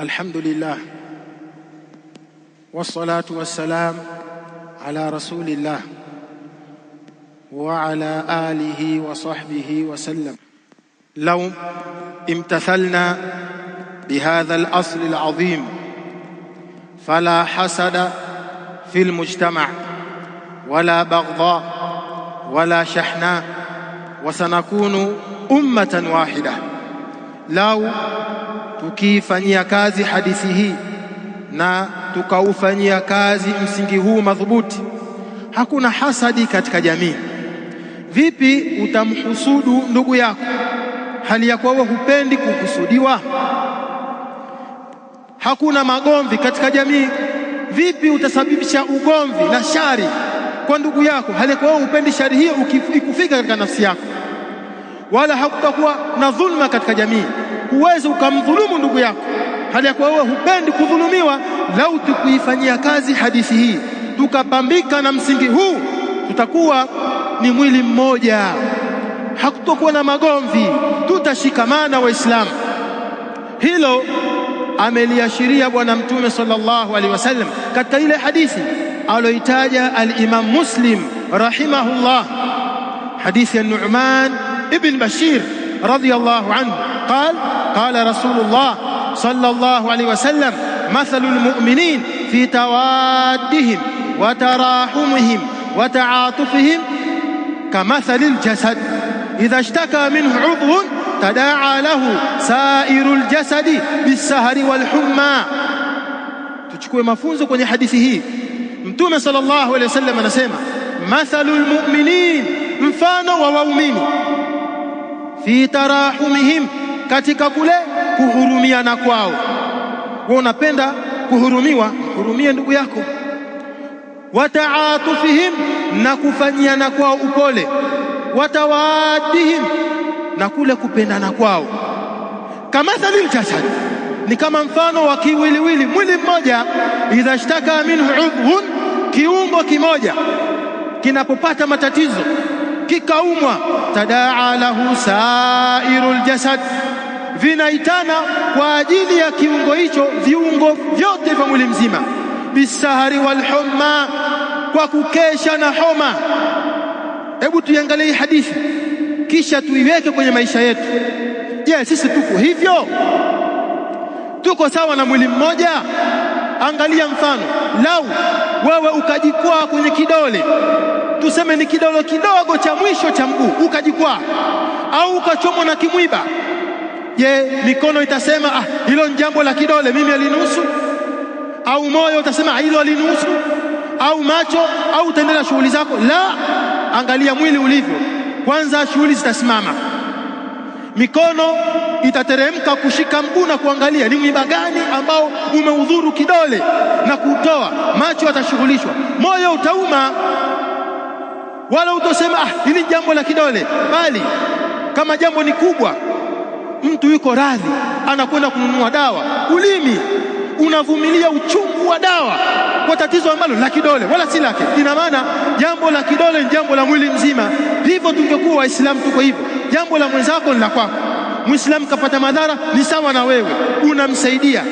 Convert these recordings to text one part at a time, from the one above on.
الحمد لله والصلاة والسلام على رسول الله وعلى آله وصحبه وسلم لو امتثلنا بهذا الأصل العظيم فلا حسد في المجتمع ولا بغضاء ولا شحناء وسنكون أمة واحدة لو tukiifanyia kazi hadithi hii na tukaufanyia kazi msingi huu madhubuti, hakuna hasadi katika jamii. Vipi utamhusudu ndugu yako hali ya kuwa wewe hupendi kuhusudiwa? Hakuna magomvi katika jamii. Vipi utasababisha ugomvi na shari kwa ndugu yako hali ya kuwa wewe hupendi shari hiyo ikufika katika nafsi yako? Wala hakutakuwa na dhulma katika jamii huwezi ukamdhulumu ndugu yako hali ya kuwa wewe hupendi kudhulumiwa. Lau tukuifanyia kazi hadithi hii tukapambika na msingi huu, tutakuwa ni mwili mmoja, hakutokuwa na magomvi, tutashikamana Waislamu. Hilo ameliashiria Bwana Mtume sallallahu alaihi wasallam katika ile hadithi aloitaja alimamu imam Muslim rahimahullah, hadithi ya Nu'man ibn Bashir radiyallahu anhu qala قال رسول الله صلى الله عليه وسلم مثل المؤمنين في توادهم وتراحمهم وتعاطفهم كمثل الجسد إذا اشتكى منه عضو تداعى له سائر الجسد بالسهر والحمى تشكو mafunzo لحديثه hadithi صلى الله عليه وسلم wasallam anasema mathalul mu'minin mfano wa waumini katika kule kuhurumiana kwao. Wewe unapenda kuhurumiwa, hurumie ndugu yako. Wataatufihim, na kufanyiana kwao upole. Watawaadihim, na kule kupendana kwao. kamathali jasad, ni kama mfano wa kiwiliwili, mwili mmoja. Idha shtaka minhu udhun, kiungo kimoja kinapopata matatizo kikaumwa, tadaa lahu sairul jasad vinaitana kwa ajili ya kiungo hicho, viungo vyote vya mwili mzima, bisahari walhumma, kwa kukesha na homa. Hebu tuiangalie hii hadithi kisha tuiweke kwenye maisha yetu. Je, sisi tuko hivyo? Tuko sawa na mwili mmoja? Angalia mfano, lau wewe ukajikwaa kwenye kidole, tuseme ni kidole kidogo cha mwisho cha mguu, ukajikwaa au ukachomwa na kimwiba Je, mikono itasema ah, hilo ni jambo la kidole, mimi alinusu? Au moyo utasema ah, hilo alinusu? Au macho? Au utaendelea shughuli zako? La, angalia mwili ulivyo kwanza, shughuli zitasimama. Mikono itateremka kushika mguu na kuangalia ni mwiba gani ambao umeudhuru kidole na kutoa. Macho yatashughulishwa, moyo utauma, wala utosema ah, hili jambo la kidole, bali kama jambo ni kubwa mtu yuko radhi, anakwenda kununua dawa, ulimi unavumilia uchungu wa dawa kwa tatizo ambalo la kidole wala si lake. Ina maana jambo la kidole ni jambo la mwili mzima. Hivyo tungekuwa Waislamu tuko hivyo, jambo la mwenzako ni la kwako. Mwislamu kapata madhara, ni sawa na wewe unamsaidia.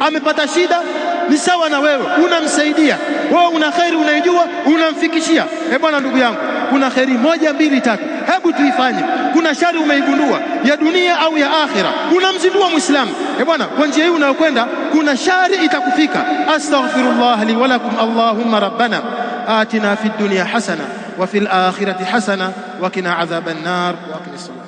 Amepata shida, ni sawa na wewe unamsaidia. Wewe una kheri unaijua, unamfikishia. Eh bwana, ndugu yangu, kuna kheri moja mbili tatu hebu tuifanye. Kuna shari umeigundua ya dunia au ya akhira, unamzindua Muislamu. E bwana, kwa njia hii unayokwenda kuna shari itakufika. Astaghfirullah li walakum lakum. Allahumma rabbana atina fid dunya hasana wa fil akhirati hasana wa qina adhaban nar wa qina